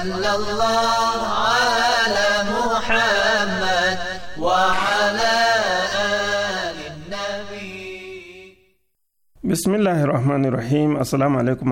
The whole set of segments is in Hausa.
صلى الله على محمد وعلى آل النبي بسم الله الرحمن الرحيم السلام عليكم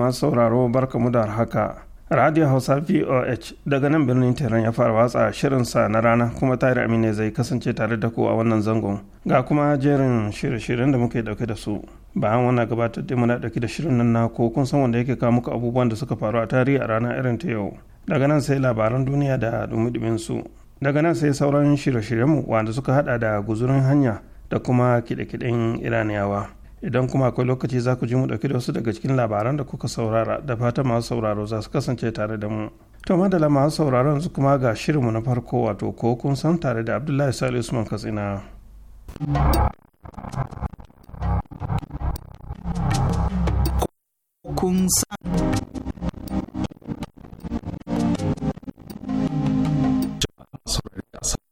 بركة مدار حكا Radio Hausa VOH daga nan birnin Tehran ya fara watsa shirinsa na rana kuma tare amine zai kasance tare da ku a wannan zangon ga kuma jerin shirye-shiryen da muke dauke da su bayan wannan gabatar da muna dauke da shirin nan na ko kun san wanda yake kawo muku abubuwan da suka faru a tarihi a rana irin ta yau daga nan sai labaran duniya da dumi su daga nan sai sauran shirye-shiryenmu wanda suka hada da guzurin hanya da kuma kide-kiden iraniyawa idan kuma akwai lokaci za ku ji mu dauki da wasu daga cikin labaran da kuka saurara da fata masu sauraro za su kasance tare da mu to madala masu sauraron su kuma ga shirinmu na farko wato ko kun san tare da abdullahi salisu usman katsina kun san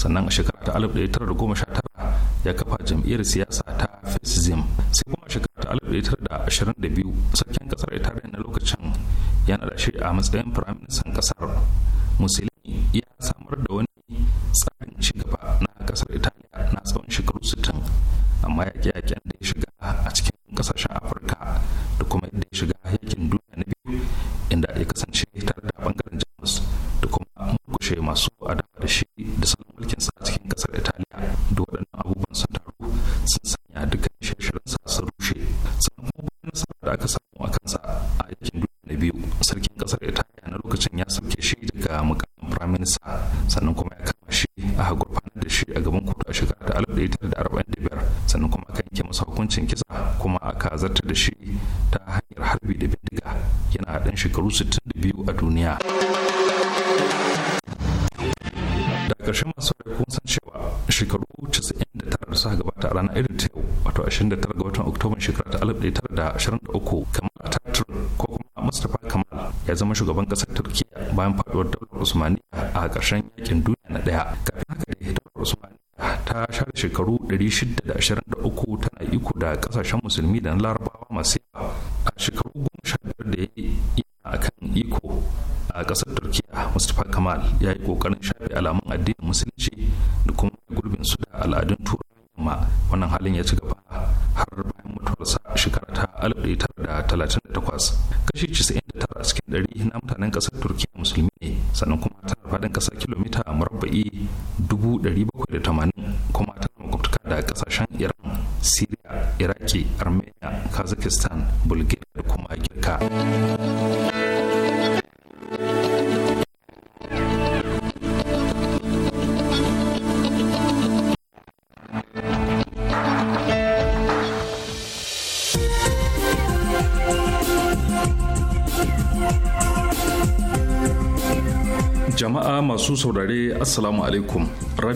sannan a shekara ta 1919 ya kafa jam'iyyar siyasa ta fascism sai kuma a shekara ta 1922 sarkin kasar italiya na lokacin yana da shi a matsayin firaministan kasar musulmi ya samar da wani tsarin shigaba na kasar italiya na tsawon shekaru 60 amma yaƙe-yaƙen da ya shiga a cikin kasashen afirka da kuma yadda ya shiga yakin duniya na biyu inda ya kasance tare da bangaren jamus da kuma murkushe masu adam kuma ya kama shi aka gurfanar da shi a gaban kotu a shekara ta da da arba'in biyar sannan kuma aka yanke masa hukuncin kisa kuma aka zarta da shi ta hanyar harbi da bindiga yana ɗan shekaru sittin da biyu a duniya da ƙarshen masu kun san cewa shekaru 90 kasa suka gabata a ranar irin ta yau wato 29 ga watan oktoban shekara ta 1923 kamal ataturk ko kuma mustapha kamal ya zama shugaban kasar turkiya bayan faduwar daular usmaniya a karshen yakin duniya na ɗaya kafin haka dai daular usmaniya ta share shekaru 623 tana iko da kasashen musulmi da na larabawa masu yawa a shekaru goma sha biyar da ya yi a kan iko a ƙasar turkiya mustapha kamal ya yi kokarin shafe alamun addinin musulunci da kuma gurbin su da al'adun turai amma wannan halin ya ci gaba har bayan mutuwarsa shekara ta 1938 kashi 99 cikin dari na mutanen ƙasar turkiya musulmi ne sannan kuma tana faɗin ƙasar kilomita murabba'i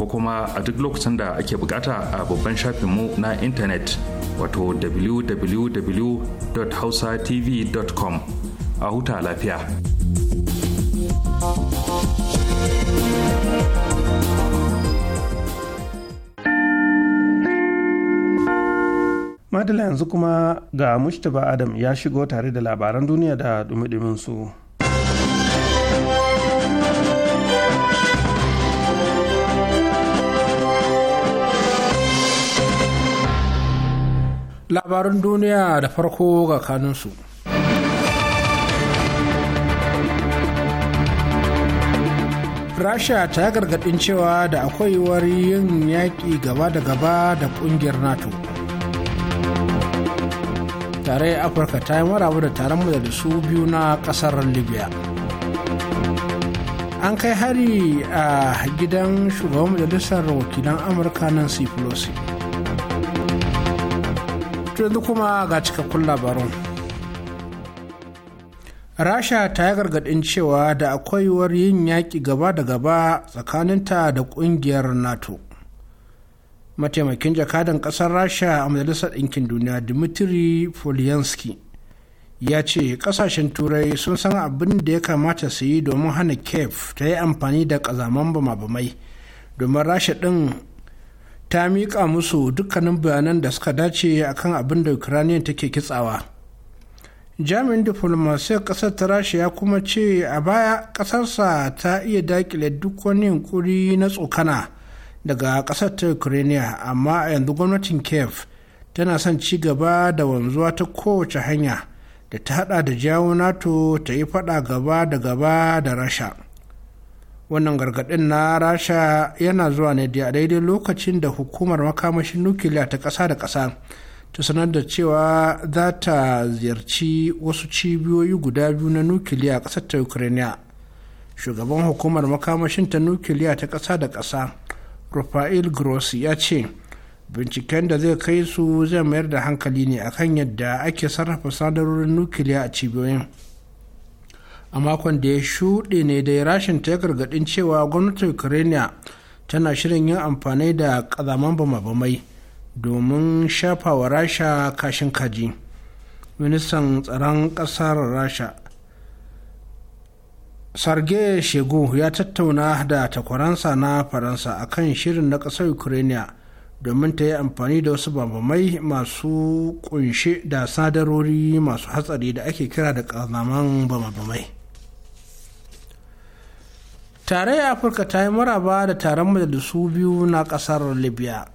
ko kuma a duk lokacin da ake bukata a babban mu na intanet wato www.hausatv.com a huta lafiya. Madala yanzu kuma ga Mustapha Adam ya shigo tare da labaran duniya da dumi su. labarin duniya da farko ga kanunsu. rasha ta gargadin cewa da akwai wari yin yaƙi gaba da gaba da ƙungiyar nato tare afirka ta yi maraba da taron majalisu biyu na ƙasar libya an kai hari a gidan shugaban majalisar wakilan amurka nan pelosi To yanzu kuma ga cikakkun labarun. Rasha ta yi gargaɗin cewa da akwai yin yaƙi gaba da gaba tsakaninta da ƙungiyar NATO. Mataimakin jakadan ƙasar Rasha a Majalisar Ɗinkin Duniya dimitri Polyansky ya ce ƙasashen Turai sun san abin da ya kamata su yi domin hana Kiev ta yi amfani da ƙazaman bama-bamai domin Rasha ɗin ta miƙa musu dukkanin bayanan da suka dace akan abin da ukrainian take kitsawa jami'in diplomasiyar ƙasar ta rasha ya kuma ce a baya ƙasarsa ta iya daƙile duk wani yunkuri na tsokana daga ƙasar ta ukraine amma a yanzu gwamnatin kiev tana son ci gaba da wanzuwa ta kowace hanya da ta hada da jawo nato ta yi fada gaba da gaba da rasha wannan gargaɗin na rasha yana zuwa ne da daidai lokacin da hukumar makamashin nukiliya ta ƙasa da ƙasa ta sanar da cewa za ta ziyarci wasu cibiyoyi guda biyu na nukiliya a ƙasar ta ukraine shugaban hukumar makamashin ta nukiliya ta ƙasa da ƙasa rafael grossi ya ce binciken da zai kai su zai mayar da hankali ne akan yadda ake sarrafa sadarorin nukiliya a cibiyoyin a makon da ya shuɗe ne da rashin ta gargaɗin cewa gwamnatin ukraine tana shirin yin amfani da ƙazaman bama-bamai domin shafa wa rasha kashin kaji ministan tsaron ƙasar rasha sarge shegu ya tattauna da takwaransa na faransa a kan shirin na ƙasar ukraine domin ta yi amfani da wasu bambamai masu kunshe da sadarori masu hatsari da ake kira da ƙazaman bambamai. tarayyar afirka ta yi maraba da taron majalisu biyu na kasar libya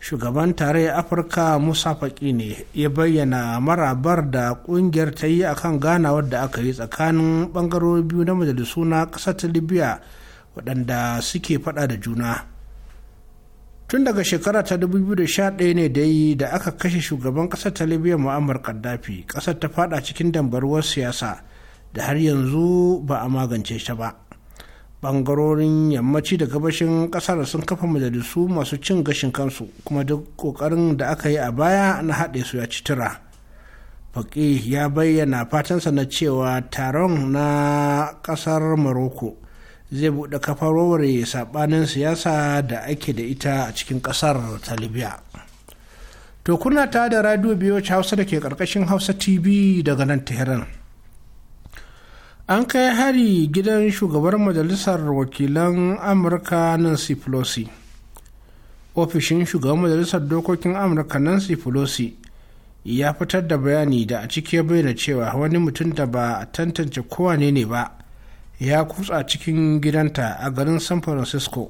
shugaban tarayyar afirka musa faki ne ya bayyana marabar da kungiyar ta yi akan ganawar da aka yi tsakanin bangarori biyu na majalisu na kasar ta libya waɗanda suke fada da juna tun daga shekara ta 2011 ne yi da aka kashe shugaban kasar ta libya mu'ammar kaddafi kasar ta fada cikin dambarwar siyasa da har yanzu ba a magance ta ba bangarorin yammaci da gabashin kasar sun kafa majalisu masu cin gashin kansu kuma duk kokarin da aka yi a baya na haɗe su ya ci tura faƙi ya bayyana fatansa na cewa taron na ƙasar maroko zai buɗe kafar warware saɓanin siyasa da ake da ita a cikin ƙasar ta libya to kuna ta da radio biyu hausa da ke ƙarƙashin hausa tv daga nan tehran an kai hari gidan shugabar majalisar wakilan amurka nancy pelosi ofishin shugaban majalisar dokokin amurka nancy pelosi ya fitar da bayani da a ciki ya bayyana cewa wani mutum da ba a tantance kowane ne ba ya kutsa cikin gidanta a garin san francisco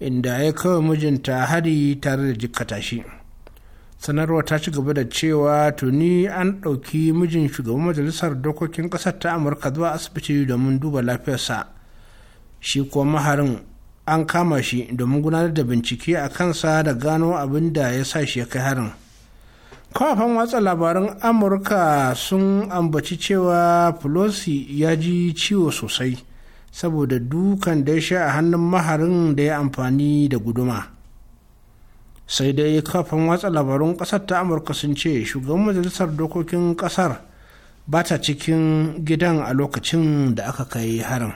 inda ya kawai mijinta hari tare da jikkata shi. sanarwar ta ci gaba da cewa tuni an ɗauki mijin shugaban majalisar dokokin ƙasar ta amurka zuwa asibiti domin duba lafiyarsa shi kuwa maharin an kama shi domin gudanar da bincike a kansa da gano abin da ya sa shi ya kai harin kafafen watsa labaran amurka sun ambaci cewa pelosi ya ji ciwo sosai saboda dukan da ya sha a hannun maharin da ya amfani da guduma. sai dai kafin watsa labarun kasar ta amurka sun ce shugaban majalisar dokokin kasar ba ta cikin gidan a lokacin da aka kai harin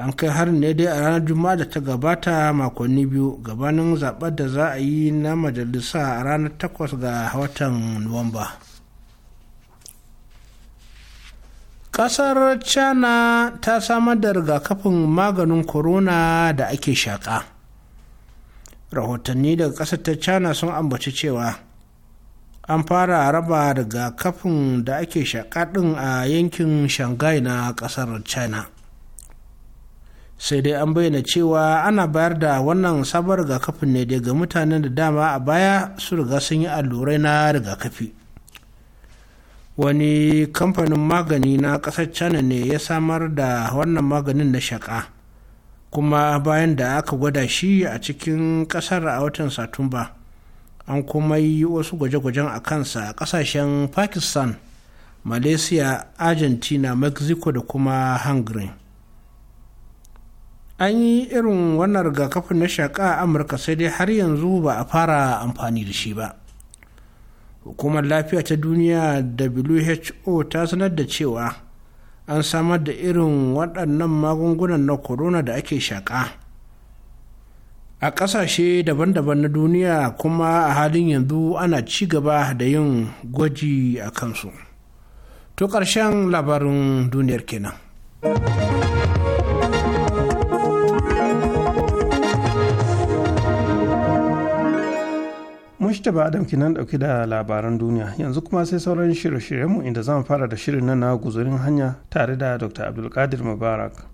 an kai harin ne dai a ranar juma'a da ta gabata makonni biyu gabanin zaɓar da za a yi na majalisa a ranar 8 ga watan nuwamba ƙasar china ta samar da rigakafin maganin corona da ake shaƙa rahotanni daga ƙasar ta china sun ambaci cewa an fara raba daga kafin da ake ɗin a yankin shanghai na ƙasar china sai dai an bayyana cewa ana bayar da wannan sabon rigakafin ne daga mutanen da dama a baya su riga sun yi allurai na rigakafi wani kamfanin magani na ƙasar china ne ya samar da wannan maganin na shaƙa kuma bayan da aka gwada shi a cikin kasar a watan satumba an kuma yi wasu gwaje-gwajen a kansa a kasashen pakistan malaysia argentina mexico da kuma hungary an yi irin wannan rigakafin na shaƙa a amurka sai dai har yanzu ba a fara amfani da shi ba hukumar lafiya ta duniya who ta sanar da cewa an samar da irin waɗannan magungunan na corona da ake shaƙa a ƙasashe daban-daban na duniya kuma a halin yanzu ana ci gaba da yin gwaji a kansu to ƙarshen labarin duniyar kenan. ta ba adam kinan dauke da labaran duniya yanzu kuma sai sauran shirye-shiryenmu inda zan fara da shirin nan na guzurin hanya tare da dr abdulkadir mubarak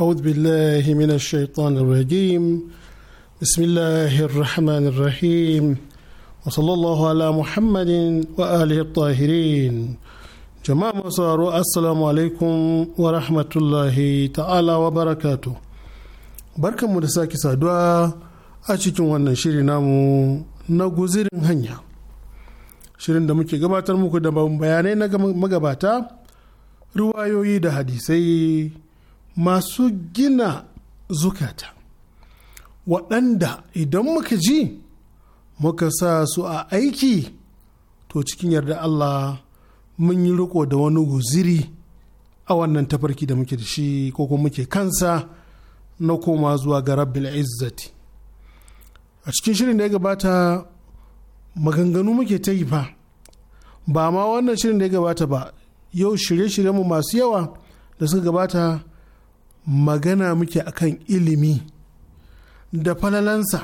أعوذ بالله من الشيطان الرجيم بسم الله الرحمن الرحيم وصلى الله على محمد وآله الطاهرين jama'a masu haro assalamu alaikum wa rahmatullahi ta'ala wa barakatu barkanmu da sake saduwa a cikin wannan shiri namu na guzirin hanya shirin da muke gabatar muku da bayanai na magabata ruwayoyi da hadisai masu gina zukata waɗanda idan muka ji muka sa su a aiki to cikin yarda Allah mun yi riko da wani guziri a wannan tafarki da muke da shi ko kuma muke kansa na koma zuwa ga rabbil izzati a cikin shirin da ya gabata maganganu muke ta yi fa ba ma wannan shirin da ya gabata ba yau shirye-shirye mu masu yawa da suka gabata magana muke akan ilimi da falalansa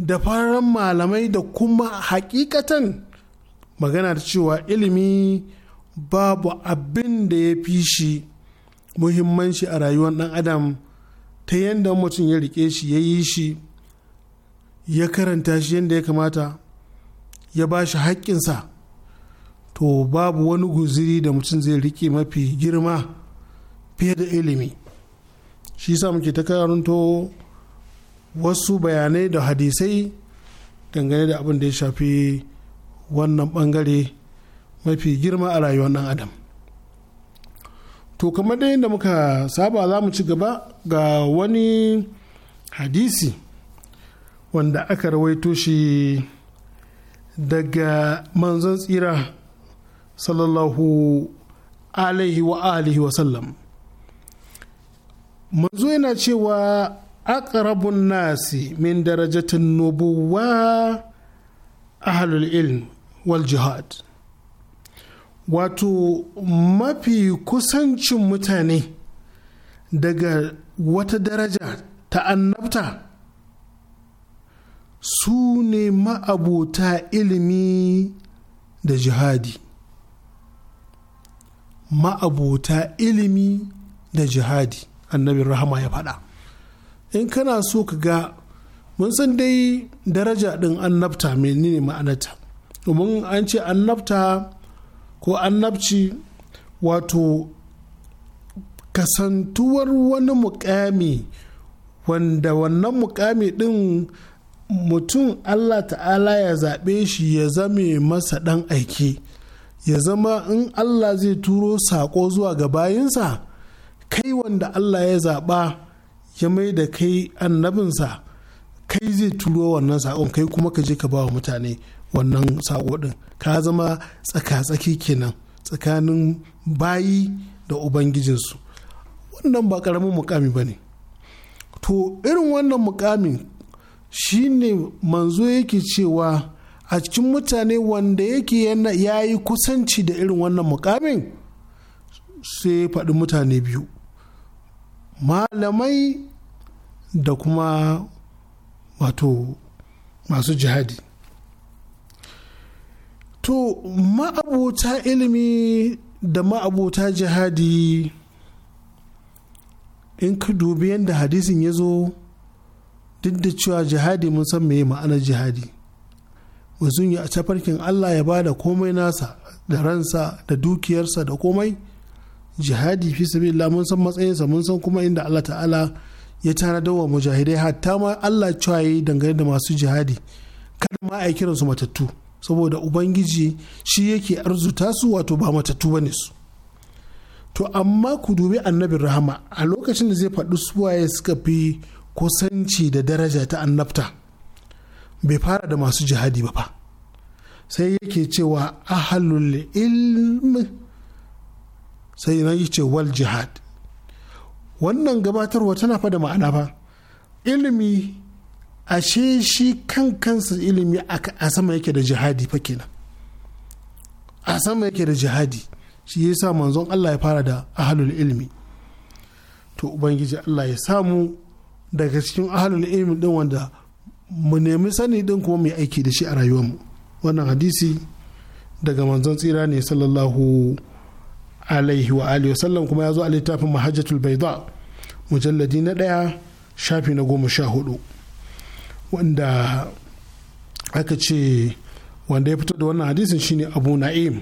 da fararen malamai da kuma hakikatan magana da cewa ilimi babu abin da ya fi shi muhimmanci a rayuwar ɗan adam ta yadda mutum ya rike shi ya yi shi ya karanta shi yadda ya kamata ya ba shi haƙƙinsa to babu wani guziri da mutum zai rike mafi girma fiye da ilimi shi sa muke ta karanto wasu bayanai da hadisai dangane da abin da ya shafi wannan bangare mafi girma a rayuwar ɗan adam to kamar dai da muka saba za mu ci gaba ga wani hadisi wanda aka rawaito shi daga manzon tsira sallallahu alaihi wa alihi sallam, manzo yana cewa aqrabun nasi min darajatin nubuwa ahlul ilm wal jihad wato mafi kusancin mutane daga wata daraja ta annabta su ne ma'abota ilimi da jihadi ma'abota ilimi da jihadi annabin rahama ya faɗa in kana so ka ga mun san dai daraja ɗin annabta menene ma'anata domin an ce annabta ko annabci wato kasantuwar wani mukami wanda wannan mukami ɗin mutum Allah ta'ala ya zaɓe shi ya zame masa ɗan aiki ya zama in Allah zai turo saƙo zuwa ga bayinsa kai wanda Allah ya zaɓa ya mai da kai annabinsa kai zai turo wannan saƙon kai kuma ka je ka ba wa mutane wannan saƙo ɗin ka zama tsaka-tsaki kenan tsakanin bayi da ubangijinsu wannan ba ƙaramin mukami ba ne to irin wannan mukamin shi ne manzo yake cewa a cikin mutane wanda yake ya yi kusanci da irin wannan mukamin sai faɗi mutane biyu malamai da kuma wato masu jihadi to ma'abuta ilimi da ma'abuta jihadi in ka dubi yadda hadisin ya zo duk da cewa jihadi mun san meye ma'anar jihadi yi ya tafarkin Allah ya bada komai nasa da ransa da dukiyarsa da komai jihadi fi sabi mun san matsayinsa mun san kuma inda Allah ta'ala ya tanadar wa mujahidai hatta ma Allah cewa dangane da masu jihadi kada ma a kiran matattu saboda ubangiji shi yake arzuta su wato ba matattu bane su to amma ku dubi annabin rahama a lokacin da zai faɗi suwaye suka fi kusanci da daraja ta annabta bai fara da masu jihadi ba fa sai yake cewa ahalul ilm sai nan ce wal jihad wannan gabatarwa tana fa da ma'ana ba ilimi ashe shi kan kansa ilimi a sama yake da jihadi fa kenan a sama yake da jihadi shi yasa manzon Allah ya fara da ahalul ilimi to ubangiji Allah ya samu daga cikin ahalul ilimi din wanda mu nemi sani din kuma mu aiki da shi a mu wannan hadisi daga manzon tsira ne sallallahu alaihi wa alihi wasallam kuma ya zo a littafin mahajjatul baida mujalladi na ɗaya shafi na goma sha hudu wanda aka ce wanda ya fito da wannan hadisin shine abu na'im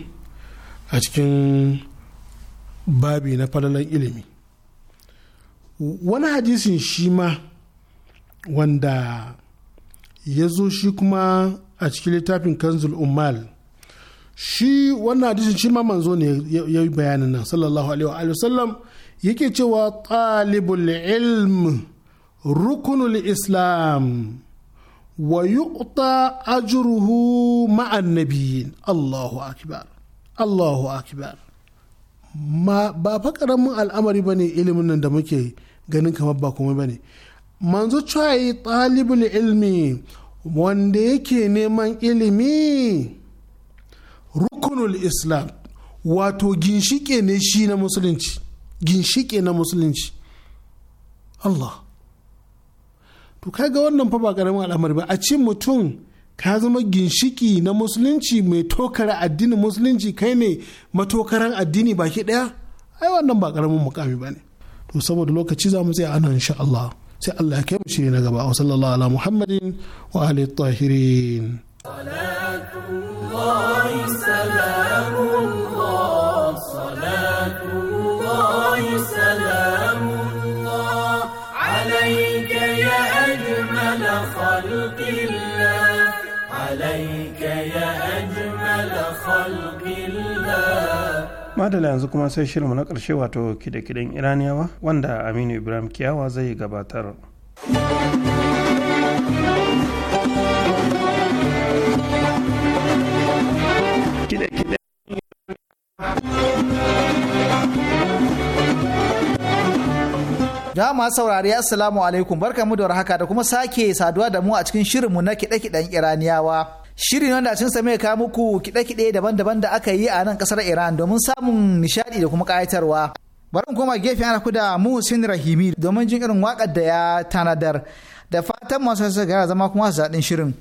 a cikin babi na falalan ilimi wani hadisin shi ma wanda ya zo shi kuma a cikin littafin kanzul umal shi wannan hadisin shi ma manzo ne ya yi bayanin nan sallallahu alaihi wa sallam yake cewa talibul ilm rukunul islam wa yu'ta ajruhu ma'an nabiyyin Allahu akbar Allahu akbar ma ba fa karamin al'amari bane ilimin nan da muke ganin kamar ba komai bane manzo cewa talibul ilmi wanda yake neman ilimi rukunul islam wato ginshike ne shi na musulunci ginshike na musulunci Allah to kaga wannan fa ba karamin al'amari ba a ce mutum ka zama ginshiki na musulunci mai tokara addini musulunci kai ne matokaran addini baki daya ai wannan ba karamin mukami ba ne to saboda lokaci za mu tsaya anan insha Allah sai Allah ya kai mu shiri na gaba wa sallallahu ala muhammadin wa alihi tahirin madala yanzu kuma sai shirinmu na ƙarshe wato kide-kiden iraniyawa wanda aminu ibrahim kiyawa zai gabatar Dama saurari assalamu alaikum barkamu da haka da kuma sake saduwa da mu a cikin shirinmu na kiɗe-kiɗen iraniyawa shirin wanda cin same mai ka muku kide-kide daban-daban da aka yi a nan kasar Iran domin samun nishadi da kuma kayatarwa. barin koma gefe ana ku da Muhsin Rahimi domin jin irin wakar da ya tanadar. Da fatan masu gara zama kuma su daɗin shirin.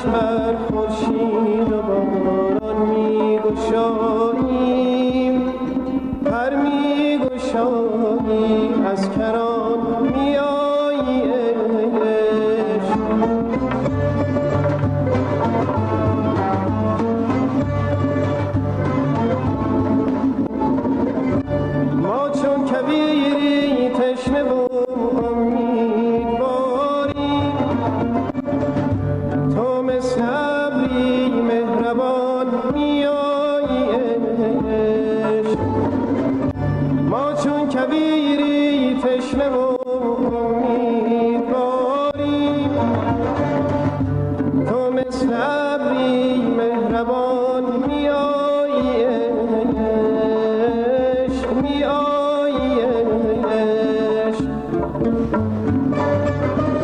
چشم خورشید و باران می گشاد Thank you.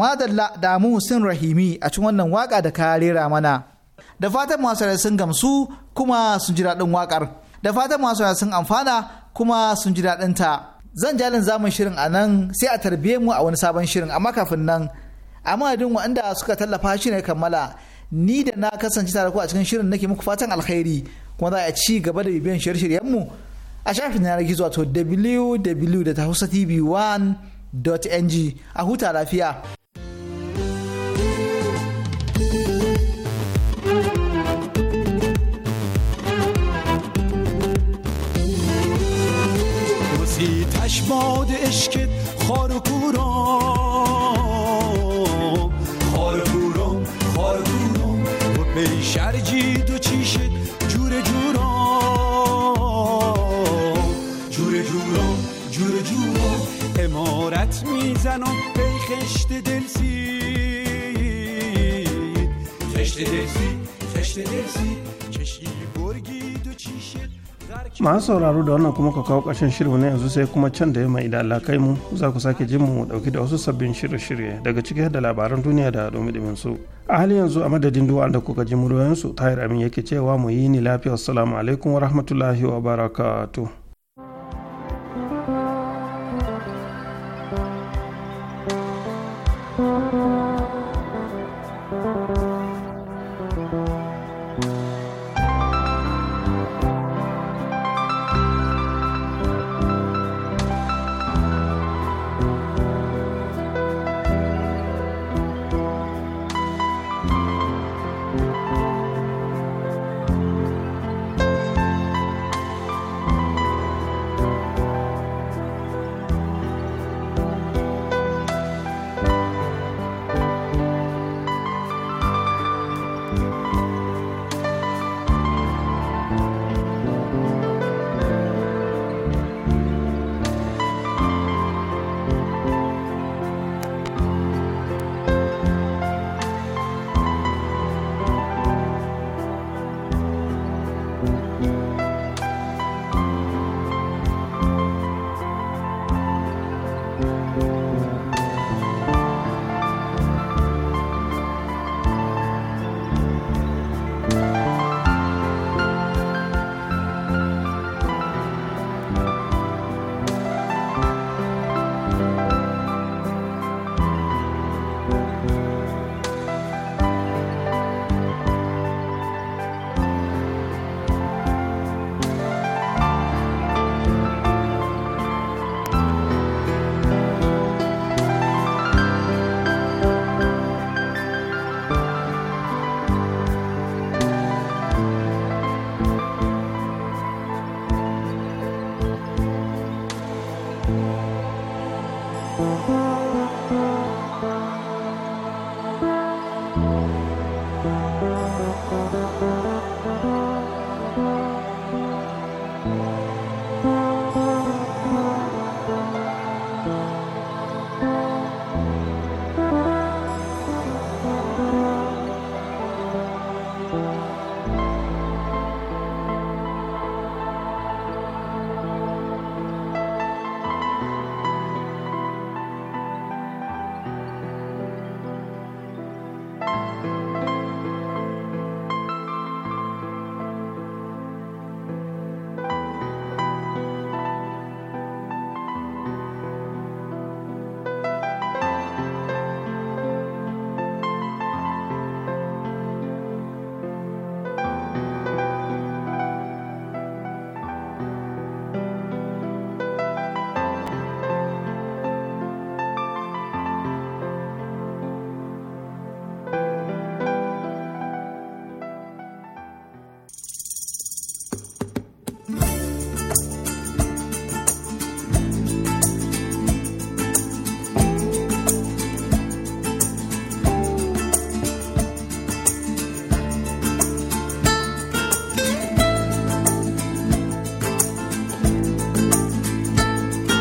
madalla da sun rahimi a cikin wannan waka da ka rera mana da fatan masu sun gamsu kuma sun ji daɗin wakar da fatan masu sun amfana kuma sun ji daɗin ta zan jalin zamun shirin a nan sai a tarbiye mu a wani sabon shirin amma kafin nan a madadin waɗanda suka tallafa shi ne kammala ni da na kasance tare ku a cikin shirin nake muku fatan alkhairi kuma za a ci gaba da bibiyan shirye-shiryen mu a shafin yanar gizo wato www.hausatv1.ng a huta lafiya. باد عشق خار و کورم خار و کورم خار و کورم و شرجی دو چیشت جور جورم جور جورم جور جورم امارت میزنم ای خشت دل خشت دلسی خشت دلسی چشی برگی دو چیشت masu sauraro da wannan kuma ka kawo ƙarshen shirin ne yanzu sai kuma can da mai idan Allah kai mu za ku sake jin mu dauki da wasu sabbin shirye-shirye daga ciki da labaran duniya da domin su a halin yanzu a madadin duwa da kuka ji muryoyinsu tahir amin yake cewa mu yi ni lafiya assalamu alaikum wa rahmatullahi wa barakatuh